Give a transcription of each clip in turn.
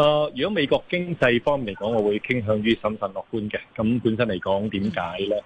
啊！如果美國經濟方面嚟講，我會傾向於審慎樂觀嘅。咁本身嚟講，點解呢？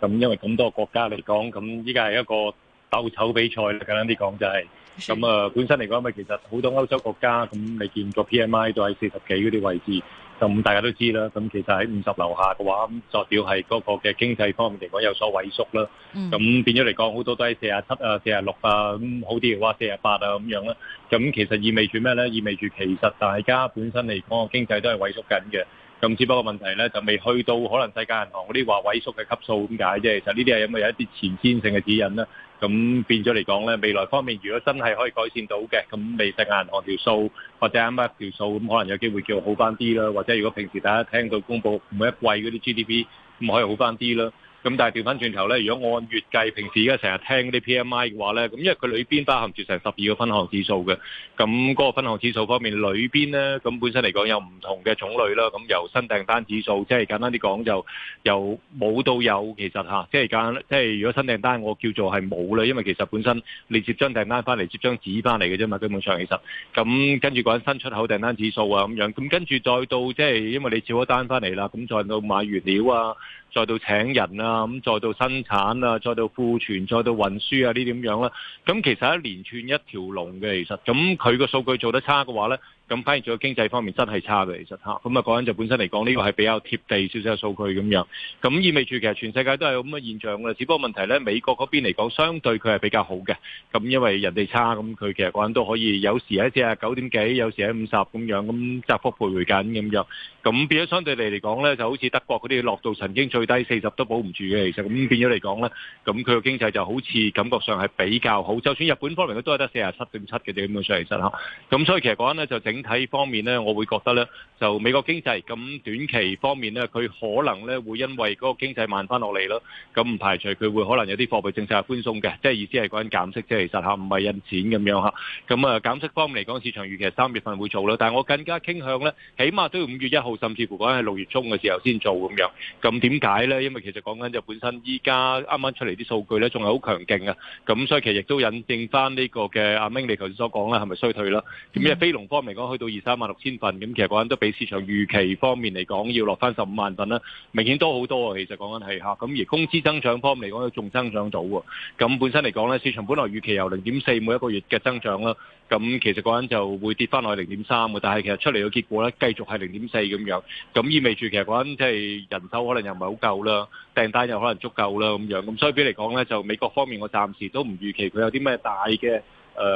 咁因為咁多國家嚟講，咁依家係一個鬥醜比賽啦。簡單啲講就係、是，咁啊，本身嚟講咪其實好多歐洲國家，咁你見個 PMI 都喺四十幾嗰啲位置。咁大家都知啦，咁其實喺五十樓下嘅話，咁作料係嗰個嘅經濟方面嚟講有所萎縮啦。咁、嗯、變咗嚟講，好多都係四啊七啊、四啊六啊，咁好啲嘅話四啊八啊咁樣啦。咁其實意味住咩咧？意味住其實大家本身嚟講個經濟都係萎縮緊嘅。咁只不過問題咧就未去到可能世界銀行嗰啲話萎縮嘅級數，點解啫？其實呢啲係有咪有一啲前瞻性嘅指引啦。咁變咗嚟講呢，未來方面如果真係可以改善到嘅，咁未食銀行條數或者 M F 條數，咁可能有機會叫好翻啲啦。或者如果平時大家聽到公佈每一季嗰啲 GDP，咁可以好翻啲啦。咁但係調翻轉頭咧，如果按月計，平時而家成日聽啲 PMI 嘅話咧，咁因為佢裏邊包含住成十二個分項指數嘅，咁嗰個分項指數方面裏邊咧，咁本身嚟講有唔同嘅種類啦，咁由新訂單指數，即係簡單啲講就由冇到有，其實吓、啊，即係講即係如果新訂單我叫做係冇啦，因為其實本身你接張訂單翻嚟，接張紙翻嚟嘅啫嘛，根本上其實，咁跟住講新出口訂單指數啊咁樣，咁跟住再到即係因為你照咗單翻嚟啦，咁再到買原料啊。再到請人啊，咁再到生產啊，再到庫存，再到運輸啊，呢點樣啦？咁其實係一連串一條龍嘅，其實咁佢個數據做得差嘅話咧。咁反而仲有經濟方面真係差嘅，其實嚇，咁啊講緊就本身嚟講呢個係比較貼地少少嘅數據咁樣，咁意味住其實全世界都係咁嘅現象嘅，只不過問題咧美國嗰邊嚟講，相對佢係比較好嘅，咁因為人哋差，咁佢其實講緊都可以有時喺四啊九點幾，有時喺五十咁樣，咁窄幅徘徊緊咁樣，咁變咗相對嚟嚟講咧，就好似德國嗰啲落到曾經最低四十都保唔住嘅，其實咁變咗嚟講咧，咁佢嘅經濟就好似感覺上係比較好，就算日本方面佢都係得四啊七點七嘅啫咁嘅水平，其實嚇，咁所以其實講緊咧就整。整體方面咧，我會覺得咧，就美國經濟咁短期方面咧，佢可能咧會因為嗰個經濟慢翻落嚟咯，咁唔排除佢會可能有啲貨幣政策係寬鬆嘅，即係意思係講緊減息，即係其實吓唔係印錢咁樣吓，咁啊減息方面嚟講，市場預期係三月份會做啦，但係我更加傾向咧，起碼都要五月一號，甚至乎講係六月中嘅時候先做咁樣。咁點解咧？因為其實講緊就本身依家啱啱出嚟啲數據咧，仲係好強勁啊，咁所以其實亦都引證翻呢個嘅阿明你頭先所講啦，係咪衰退啦？咁咩非農方面講？去到二三萬六千份，咁其實講緊都比市場預期方面嚟講，要落翻十五萬份啦，明顯多好多啊！其實講緊係嚇，咁而工資增長方面嚟講，都仲增長到喎。咁本身嚟講咧，市場本來預期由零點四每一個月嘅增長啦，咁其實講緊就會跌翻落去零點三嘅，但係其實出嚟嘅結果咧，繼續係零點四咁樣。咁意味住其實講緊即係人手可能又唔係好夠啦，訂單又可能足夠啦咁樣。咁所以俾嚟講咧，就美國方面，我暫時都唔預期佢有啲咩大嘅誒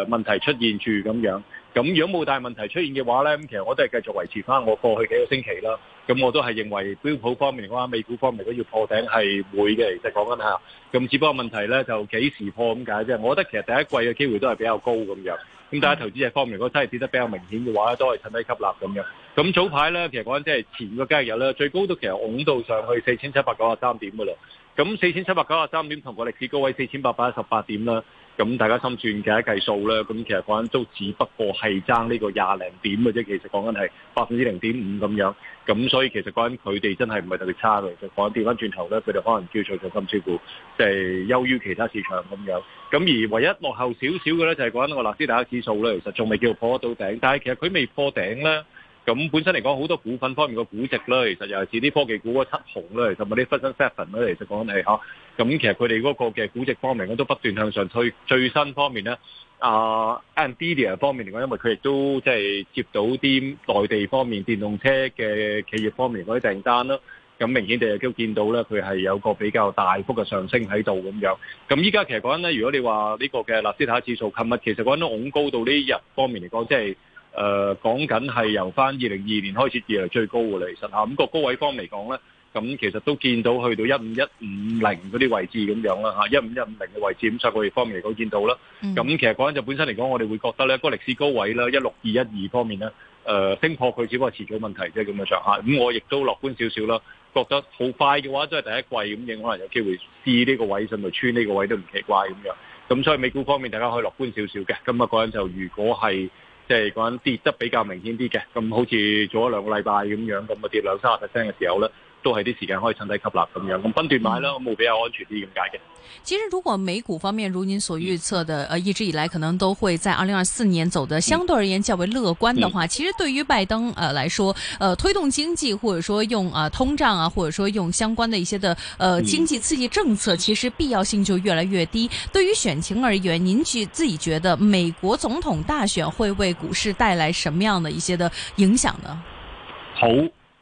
問題出現住咁樣。咁如果冇大問題出現嘅話咧，咁其實我都係繼續維持翻我過去幾個星期啦。咁我都係認為標普方面嘅話，美股方面如果要破頂係會嘅，其實講緊吓。咁只不過問題咧就幾時破咁解啫？我覺得其實第一季嘅機會都係比較高咁樣。咁但係投資者方面，如果真係跌得比較明顯嘅話都係趁低吸納咁樣。咁早排咧，其實講緊即係前個交易日咧，最高都其實拱到上去四千七百九十三點嘅咯。咁四千七百九十三點同個歷史高位四千八百一十八點啦。咁大家心算嘅，計數啦。咁其實講緊都只不過係爭呢個廿零點嘅啫。其實講緊係百分之零點五咁樣。咁所以其實講緊佢哋真係唔係特別差嘅。其實講緊掉翻轉頭咧，佢哋可能叫做信心超乎，即係優於其他市場咁樣。咁而唯一落後少少嘅咧，就係講緊個納斯達克指數咧。其實仲未叫做破得到頂，但係其實佢未破頂咧。咁本身嚟講，好多股份方面個估值咧，其實又係似啲科技股嗰七雄咧，同埋啲 f i n e s Seven 咧，其實講緊係。吓，咁其實佢哋嗰個嘅估值方面，我都不斷向上推。最新方面咧，啊 Nvidia 方面嚟講，因為佢亦都即係接到啲內地方面電動車嘅企業方面嗰啲訂單啦，咁明顯地亦都見到咧，佢係有個比較大幅嘅上升喺度咁樣。咁依家其實講緊咧，如果你話呢個嘅納斯達克指數，琴日其實講緊都高到呢日方面嚟講，即係。誒講緊係由翻二零二二年開始以來最高嘅啦，其實嚇咁個高位方嚟講咧，咁其實都見到去到一五一五零嗰啲位置咁樣啦嚇，一五一五零嘅位置咁十個月方面嚟講見到啦。咁其實講緊就本身嚟講，我哋會覺得咧嗰個歷史高位啦，一六二一二方面咧，誒升破佢只不過係遲早問題啫咁樣上下。咁我亦都樂觀少少啦，覺得好快嘅話都係第一季咁，亦可能有機會試呢個位，甚至穿呢個位都唔奇怪咁樣。咁所以美股方面大家可以樂觀少少嘅。咁啊，講緊就如果係。即係講跌得比較明顯啲嘅，咁好似做咗兩個禮拜咁樣，咁啊跌兩三十 percent 嘅時候咧。都係啲時間可以趁低吸納咁樣，咁分段買啦，咁會、嗯、比較安全啲咁解嘅。其實如果美股方面如您所預測的，呃、嗯啊，一直以來可能都會在二零二四年走得相對而言較為樂觀的話，嗯、其實對於拜登呃來說，呃，推動經濟或者說用啊通脹啊，或者說用相關的一些的呃經濟刺激政策，其實必要性就越來越低。嗯、對於選情而言，您自自己覺得美國總統大選會為股市帶來什麼樣的一些的影響呢？好。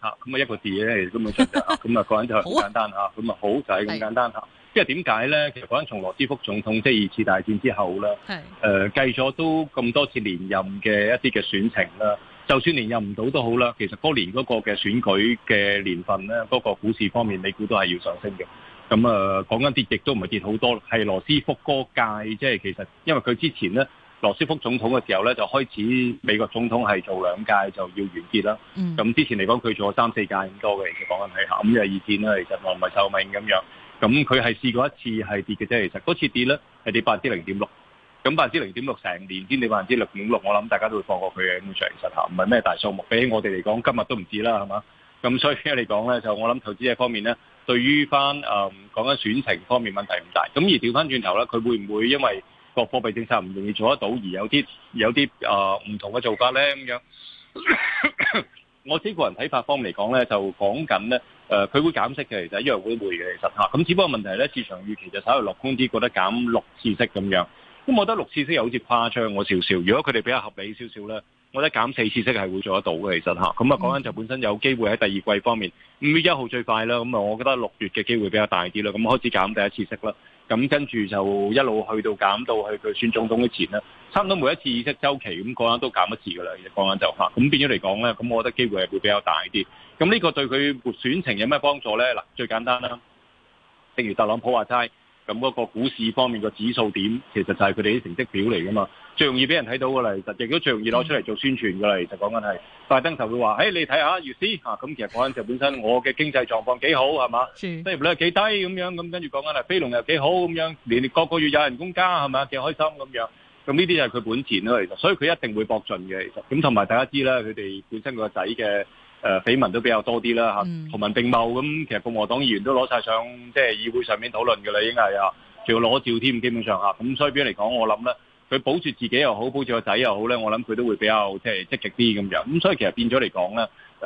咁啊一個字咧，其實咁樣出嘅，咁啊講就係好簡單，咁啊好仔咁簡單吓。即係點解咧？其實講緊從羅斯福總統即係、就是、二次大戰之後呢，係誒計咗都咁多次連任嘅一啲嘅選情啦，就算連任唔到都好啦。其實嗰年嗰個嘅選舉嘅年份咧，嗰、那個股市方面，美股都係要上升嘅。咁、嗯、啊、呃、講緊跌亦都唔係跌好多，係羅斯福嗰屆即係其實因為佢之前咧。羅斯福總統嘅時候咧，就開始美國總統係做兩屆就要完結啦。咁、嗯、之前嚟講，佢做咗三四屆咁多嘅，其實講緊係吓咁嘅二戰啦。其實唔係壽命咁樣，咁佢係試過一次係跌嘅啫。其實嗰次跌咧係跌百分之零點六，咁百分之零點六成年先跌百分之六點六，我諗大家都會放過佢嘅咁長，其實下唔係咩大數目，比起我哋嚟講，今日都唔止啦，係嘛？咁所以嚟講咧，就我諗投資嘅方面咧，對於翻誒講緊選情方面問題唔大。咁而調翻轉頭咧，佢會唔會因為？個貨幣政策唔容易做得到，而有啲有啲啊唔同嘅做法咧咁樣。咳咳，我自己個人睇法方嚟講咧，就講緊咧，誒、呃、佢會減息嘅，其實一樣會嘅，其實嚇。咁只不過問題咧，市場預期就稍微落空啲，覺得減六次息咁樣。咁我覺得六次息又有啲誇張，我少少。如果佢哋比較合理少少咧，我覺得減四次息係會做得到嘅，其實嚇。咁啊講緊就本身有機會喺第二季方面，五月一號最快啦。咁啊，我覺得六月嘅機會比較大啲啦。咁開始減第一次息啦。咁跟住就一路去到減到去佢選總統嘅前啦，差唔多每一次議息周期咁個人都減一次噶啦，依只個眼就咁變咗嚟講咧，咁我覺得機會係會比較大啲。咁呢個對佢選情有咩幫助咧？嗱，最簡單啦，正如特朗普話齋。咁嗰個股市方面個指數點，其實就係佢哋啲成績表嚟㗎嘛，最容易俾人睇到㗎啦。其實亦都最容易攞出嚟做宣傳㗎啦、hey, 啊。其實講緊係拜登就會話，誒你睇下，如斯咁其實講緊就本身我嘅經濟狀況幾好，係嘛？即係率係幾低咁樣，咁跟住講緊係飛龍又幾好咁樣，連個個月有人工加係咪啊，幾開心咁樣。咁呢啲就係佢本錢啦，其實，所以佢一定會博盡嘅。其實咁同埋大家知啦，佢哋本身個仔嘅。誒緋聞都比較多啲啦嚇，圖文、嗯、並茂咁，其實共和黨議員都攞晒上即係議會上面討論嘅啦，已經係啊，仲要攞照添，基本上吓，咁、啊、所以，比如嚟講，我諗咧，佢保住自己又好，保住個仔又好咧，我諗佢都會比較即係積極啲咁樣。咁、啊、所以，其實變咗嚟講咧，誒、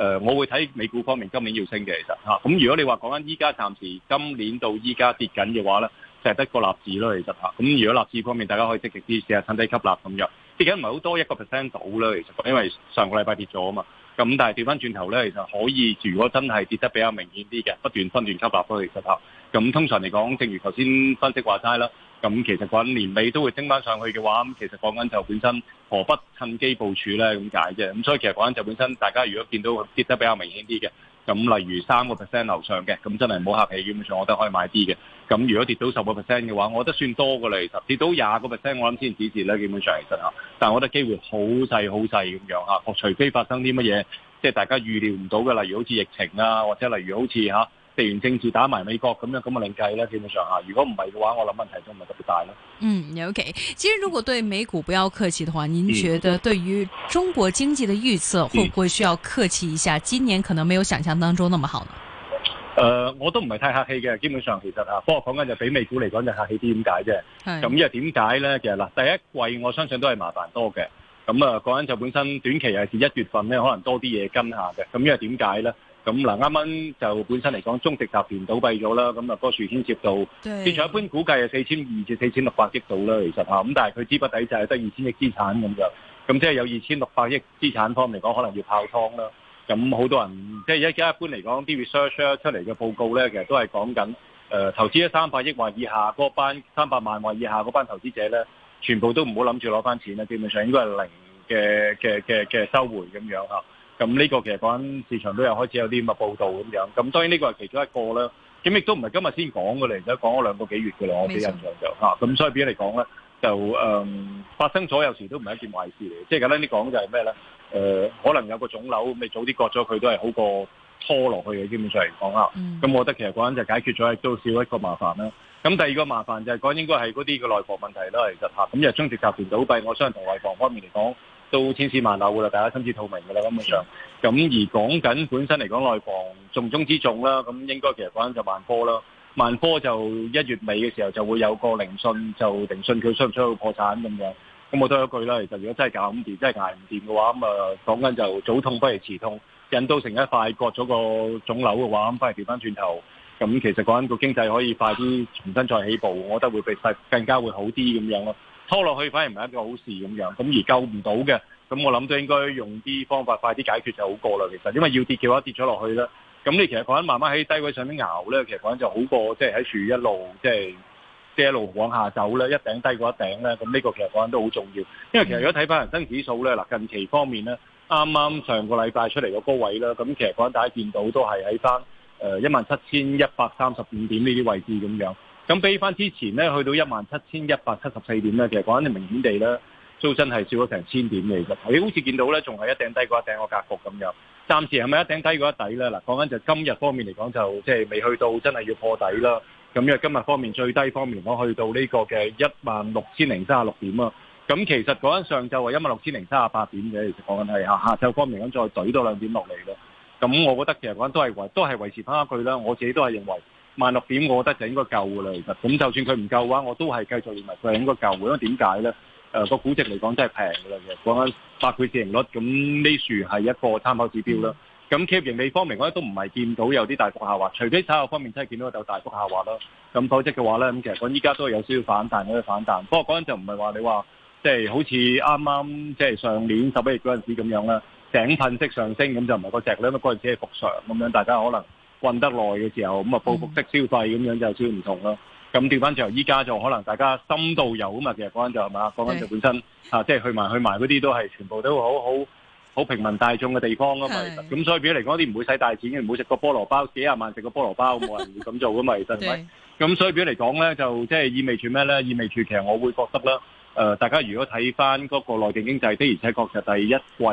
啊，我會睇美股方面今年要升嘅，其實吓，咁、啊、如果你話講緊依家暫時今年到依家跌緊嘅話咧，就係、是、得個納指咯，其實吓，咁、啊啊、如果納指方面大家可以積極啲試下趁低吸納咁樣，跌緊唔係好多一個 percent 到啦，其實，因為上個禮拜跌咗啊嘛。咁但係調翻轉頭呢，其實可以，如果真係跌得比較明顯啲嘅，不斷分段吸把嗰其實拍。咁通常嚟講，正如頭先分析話齋啦，咁其實講緊年尾都會升翻上去嘅話，咁其實講緊就本身何不趁機部署呢？咁解啫。咁所以其實講緊就本身，大家如果見到跌得比較明顯啲嘅。咁例如三個 percent 樓上嘅，咁真係唔好客氣，基本上我都可以買啲嘅。咁如果跌到十個 percent 嘅話，我覺得算多過啦。其實跌到廿個 percent，我諗先止跌啦，基本上其實嚇，但係我覺得機會好細好細咁樣嚇。確除非發生啲乜嘢，即係大家預料唔到嘅，例如好似疫情啦，或者例如好似嚇。地緣政治打埋美國咁樣，咁啊另計啦。基本上嚇，如果唔係嘅話，我諗問題都唔係特別大咯。嗯，OK。其實如果對美股不要客氣嘅話，您覺得對於中國經濟嘅預測，會唔會需要客氣一下？今年可能沒有想象當中那麼好呢？誒、嗯嗯嗯呃，我都唔係太客氣嘅。基本上其實嚇、啊，不過我講緊就比美股嚟講就客氣啲，點解啫？咁因為點解咧？其實嗱，第一季我相信都係麻煩多嘅。咁、嗯、啊，講緊就本身短期係至一月份咧，可能多啲嘢跟下嘅。咁因為點解咧？咁嗱，啱啱就本身嚟講，中植集團倒閉咗啦，咁啊嗰個儲接到，對市場一般估計係四千二至四千六百億度啦，其實吓，咁但係佢資不抵債，得二千億資產咁樣，咁即係有二千六百億資產方嚟講，可能要泡湯啦。咁好多人，即係而家一般嚟講，啲 research 出嚟嘅報告咧，其實都係講緊，誒、呃、投資咗三百億或以下嗰班三百萬或以下嗰班投資者咧，全部都唔好諗住攞翻錢啦，基本上應該係零嘅嘅嘅嘅收回咁樣。咁呢個其實講市場都有開始有啲咁嘅報道咁樣，咁當然呢個係其中一個啦。咁亦都唔係今日先講嘅，嚟而家講咗兩個幾月嘅啦，我俾印象就。咁錯、啊、所以畀你講咧？就、嗯、發生咗有時都唔係一件壞事嚟，即係簡單啲講就係咩咧？可能有個腫瘤，未、嗯、早啲割咗佢都係好過拖落去嘅，基本上嚟講啦咁我覺得其實嗰陣就解決咗都少一個麻煩啦。咁第二個麻煩就係、是、講應該係嗰啲嘅內房問題啦，其實嚇。咁就為中植集團倒閉，我相信內房方面嚟講。都千絲萬縷噶啦，大家心知肚明噶啦，根本上。咁而講緊本身嚟講，內房重中之重啦。咁應該其實講緊就萬科啦。萬科就一月尾嘅時候就會有個聆訊，就聆訊佢出唔出到破產咁樣。咁我多一句啦，其實如果真係搞唔掂，真係捱唔掂嘅話，咁啊講緊就早痛不如遲痛，引到成一塊割咗個腫瘤嘅話，咁反而掉翻轉頭。咁其實講緊個經濟可以快啲重新再起步，我覺得會比實更加會好啲咁樣咯。拖落去反而唔係一件好事咁樣，咁而救唔到嘅，咁我諗都應該用啲方法快啲解決就好過啦。其實，因為要跌嘅話，跌咗落去啦。咁你其實講緊慢慢喺低位上面熬咧，其實講緊就好過即係喺處一路即係即係一路往下走咧，一頂低過一頂咧，咁呢個其實講緊都好重要。因為其實如果睇翻恒生指數咧，嗱近期方面咧，啱啱上個禮拜出嚟嘅高位咧，咁其實講緊大家見到都係喺翻。誒一萬七千一百三十五點呢啲位置咁樣，咁比翻之前咧去到一萬七千一百七十四點咧，其實講緊係明顯地咧，都真係少咗成千點嘅。其實你好似見到咧，仲係一頂低過一頂個格局咁樣。暫時係咪一頂低過一底咧？嗱，講緊就今日方面嚟講，就即係未去到真係要破底啦。咁因為今日方面最低方面，我去到呢個嘅一萬六千零三十六點啊。咁其實講緊上晝係一萬六千零三十八點嘅，其實講緊係下下晝方面咁再隊多兩點落嚟咯。咁、嗯、我覺得其實講都係維都係維持翻一句啦，我自己都係認為萬六點，我覺得就應該夠噶啦。其實咁就算佢唔夠嘅話，我都係繼續認為佢應該夠。因為點解咧？誒、呃、個估值嚟講真係平噶啦。其實講緊百倍市盈率，咁呢樹係一個參考指標啦。咁盈利方面講咧，都唔係見到有啲大幅下滑，除非產業方面真係見到有大幅下滑咯。咁否則嘅話咧，咁其實講依家都係有少少反彈嗰啲反彈。不過講緊就唔係話你話即係好似啱啱即係上年十一月嗰陣時咁樣啦。井噴式上升咁就唔係個石量，嗰陣時係復常咁樣，大家可能運得耐嘅時候咁啊，就報復式消費咁樣就少唔同咯。咁調翻轉，依家就可能大家深度遊啊嘛，其實講緊就係嘛，講緊就，就本身是啊，即、就、係、是、去埋去埋嗰啲都係全部都好好好平民大眾嘅地方啊嘛。咁是所以，譬如嚟講啲唔會使大錢嘅，唔好食個菠蘿包，幾廿萬食個菠蘿包，冇人會咁做噶嘛。其實係咪？咁所以，譬如嚟講咧，就即係、就是、意味住咩咧？意味住其實我會覺得啦。誒、呃，大家如果睇翻嗰個內地經濟的而且確，其實第一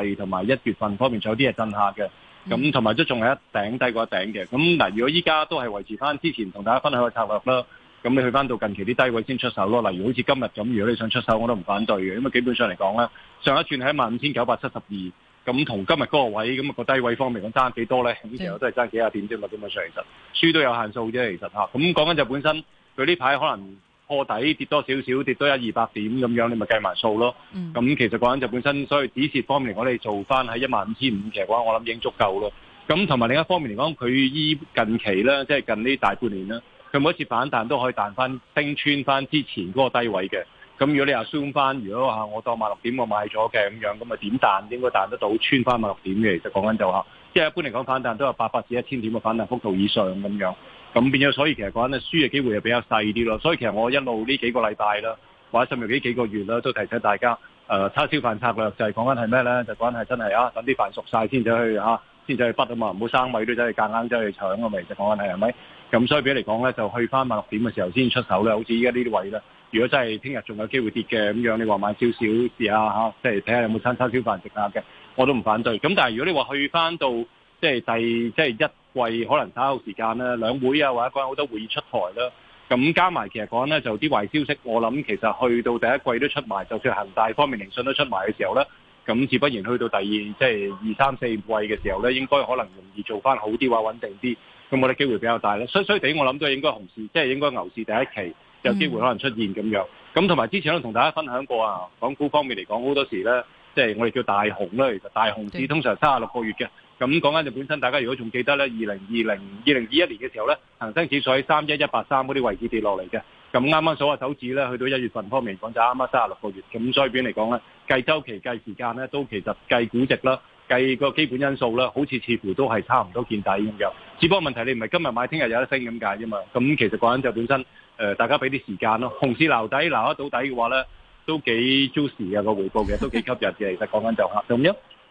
季同埋一月份方面仲有啲係震下嘅，咁同埋都仲係一頂低過一頂嘅。咁嗱，如果依家都係維持翻之前同大家分享嘅策略啦，咁你去翻到近期啲低位先出手咯。例如好似今日咁，如果你想出手，我都唔反對嘅，因為基本上嚟講咧，上一轉係萬五千九百七十二，咁同今日嗰個位咁、那個低位方面差，我爭幾多咧？呢時候都係爭幾下點，啫嘛，基本上。其實都輸都有限數啫。其實咁講緊就本身佢呢排可能。破底跌多少少，跌多一二百點咁樣，你咪計埋數咯。咁、嗯、其實講緊就本身，所以止蝕方面嚟，我哋做翻喺一萬五千五，嘅話我諗已經足夠咯。咁同埋另一方面嚟講，佢依近期啦，即係近呢大半年啦，佢每一次反彈都可以彈翻升穿翻之前嗰個低位嘅。咁如果你話算翻，如果話我當萬六點我買咗嘅咁樣，咁咪點彈應該彈得到穿翻萬六點嘅。其實講緊就話、是，即係一般嚟講，反彈都有八百至一千點嘅反彈幅度以上咁樣。咁變咗，所以其實講緊，輸嘅機會又比較細啲咯。所以其實我一路呢幾個禮拜啦，或者甚至幾幾個月啦，都提醒大家，誒、呃，叉燒飯策略就係講緊係咩咧？就講緊係真係啊，等啲飯熟晒先走去啊，先走去畢啊嘛，唔好生米都走去夾硬走去搶啊。咪就是、講緊係係咪？咁所以俾你嚟講咧，就去翻萬六點嘅時候先出手咧，好似依家呢啲位啦，如果真係聽日仲有機會跌嘅咁樣，你話買少少試下嚇、啊，即係睇下有冇餐叉燒飯食下嘅，我都唔反對。咁但係如果你話去翻到即係第即係一。季可能稍後時間啦，兩會啊，或者講好多會議出台啦，咁加埋其實講咧就啲壞消息，我諗其實去到第一季都出埋，就算恒大方面聆訊都出埋嘅時候咧，咁自不然去到第二即係二三四季嘅時候咧，應該可能容易做翻好啲或者穩定啲，咁我覺得機會比較大咧。衰衰哋我諗都應該熊市，即係應該牛市第一期有機會可能出現咁樣。咁同埋之前咧同大家分享過啊，港股方面嚟講好多時咧，即係我哋叫大熊啦，其實大熊市通常三十六個月嘅。咁講緊就本身，大家如果仲記得咧，二零二零二零二一年嘅時候咧，恒生指數喺三一一八三嗰啲位置跌落嚟嘅。咁啱啱數下手指咧，去到一月份方面講，就啱啱三十六個月。咁所以邊嚟講咧，計周期、計時間咧，都其實計估值啦，計個基本因素啦，好似似乎都係差唔多見底咁樣。只不過問題你唔係今日買，聽日有得升咁解啫嘛。咁其實講緊就本身，呃，大家俾啲時間咯。紅市留底，留得到底嘅話咧，都幾 juicy、個回報嘅，都幾吸引嘅。其實講緊就咁樣。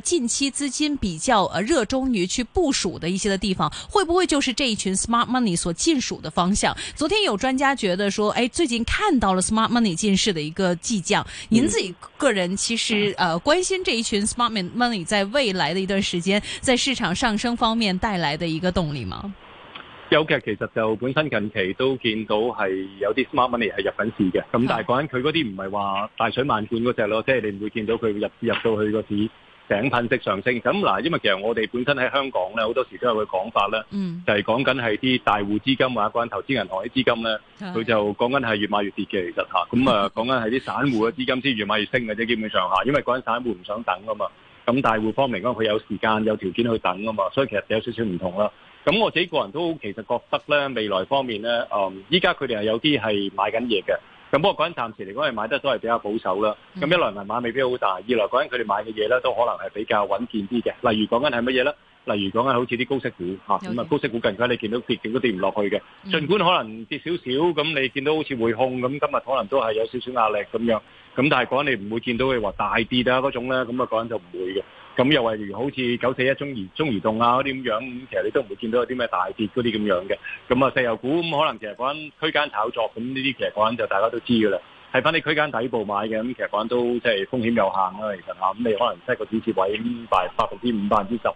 近期資金比較熱衷於去部署的一些的地方，會不會就是這一群 smart money 所進署的方向？昨天有專家覺得說，哎，最近看到了 smart money 進市的一個跡象。您自己個人其實，誒、呃嗯、關心這一群 smart money 在未來的一段時間，在市場上升方面帶來的一個動力嗎？有嘅，其實就本身近期都見到係有啲 smart money 係入緊市嘅，咁、嗯、但係講緊佢嗰啲唔係話大水漫灌嗰隻咯，即、就、係、是、你唔會見到佢入市入到去個市。井噴式上升，咁嗱，因為其實我哋本身喺香港咧，好多時都有個講法咧，嗯、就係講緊係啲大戶資金啊，或者投資銀行啲資金咧，佢的就講緊係越買越跌嘅，其實吓，咁啊，講緊係啲散戶嘅資金先越買越升嘅啫，基本上吓，因為嗰陣散戶唔想等啊嘛，咁大戶方面嗰佢有時間、有條件去等啊嘛，所以其實有少少唔同啦。咁我自己個人都其實覺得咧，未來方面咧，誒、嗯，依家佢哋係有啲係買緊嘢嘅。咁不過嗰陣暫時嚟講，係買得都係比較保守啦。咁一來買碼未必好大，二來講緊佢哋買嘅嘢咧，都可能係比較穩健啲嘅。例如講緊係乜嘢咧？例如講緊好似啲高息股吓 Okay. 啊高息股近排你見到跌極都跌唔落去嘅。儘管可能跌少少，咁你見到好似匯控咁，今日可能都係有少少壓力咁樣。咁但係講緊你唔會見到佢話大跌啊嗰種咧，咁啊講緊就唔會嘅。咁又例如好似九四一中移中移動啊嗰啲咁樣，咁其實你都唔會見到有啲咩大跌嗰啲咁樣嘅。咁啊，石油股咁可能其實講緊區間炒作，咁呢啲其實講緊就大家都知噶啦。係翻啲區間底部買嘅，咁其實講緊都即係風險有限啦，其實咁你可能即係個止蝕位咁賣百分之五、百分之十，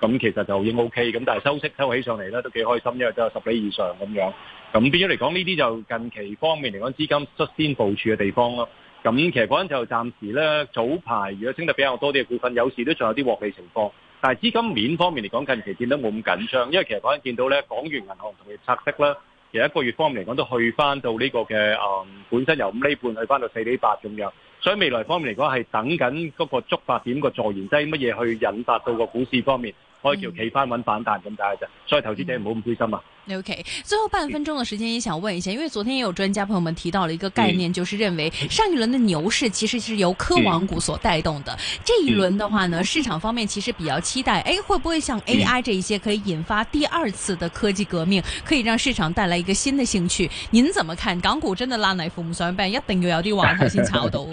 咁其實就已經 OK。咁但係收息收起上嚟咧，都幾開心，因為都有十釐以上咁樣。咁變咗嚟講，呢啲就近期方面嚟講，資金率先部署嘅地方咯。咁其實嗰陣就暫時咧，早排如果升得比較多啲嘅股份，有時都仲有啲獲利情況。但係資金面方面嚟講，近期見得冇咁緊張，因為其實嗰陣見到咧，港元銀行同埋拆息啦，其實一個月方面嚟講都去翻到呢個嘅誒本身由五厘半去翻到四厘八咁樣。所以未來方面嚟講，係等緊嗰個觸發點個助燃劑乜嘢去引發到個股市方面，可以企翻穩，穩反彈咁解啫。所以投資者唔好咁灰心啊！OK，最後半分鐘的時間，也想問一下，因為昨天也有專家朋友們提到了一個概念，嗯、就是認為上一輪的牛市其實是由科網股所帶動的。這一輪的話呢，嗯、市場方面其實比較期待，誒，會不會像 AI 這一些可以引發第二次的科技革命，嗯、可以讓市場帶來一個新的興趣？您怎麼看？港股真的爛泥扶不上壁，一定要有啲話題先炒到。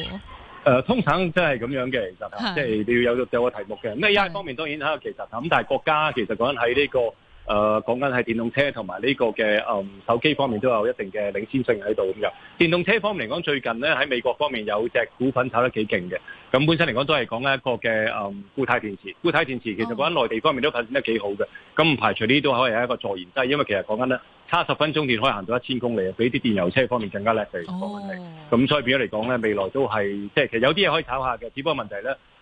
呃通常真係咁樣嘅，其實是即係你要有有個題目嘅。咩？AI 方面對當然吓，其實咁但係國家其實講緊喺呢個。誒，講緊係電動車同埋呢個嘅誒、嗯、手機方面都有一定嘅領先性喺度咁樣。電動車方面嚟講，最近咧喺美國方面有隻股份炒得幾勁嘅。咁本身嚟講都係講緊一個嘅誒、嗯、固態電池。固態電池其實講緊內地方面都發展得幾好嘅。咁唔、哦嗯、排除呢都可以係一個助燃劑，因為其實講緊咧，差十分鐘電可以行到一千公里，比啲電油車方面更加叻嘅。哦。咁所以變咗嚟講咧，未來都係即係其實有啲嘢可以炒下嘅，只不過問題咧。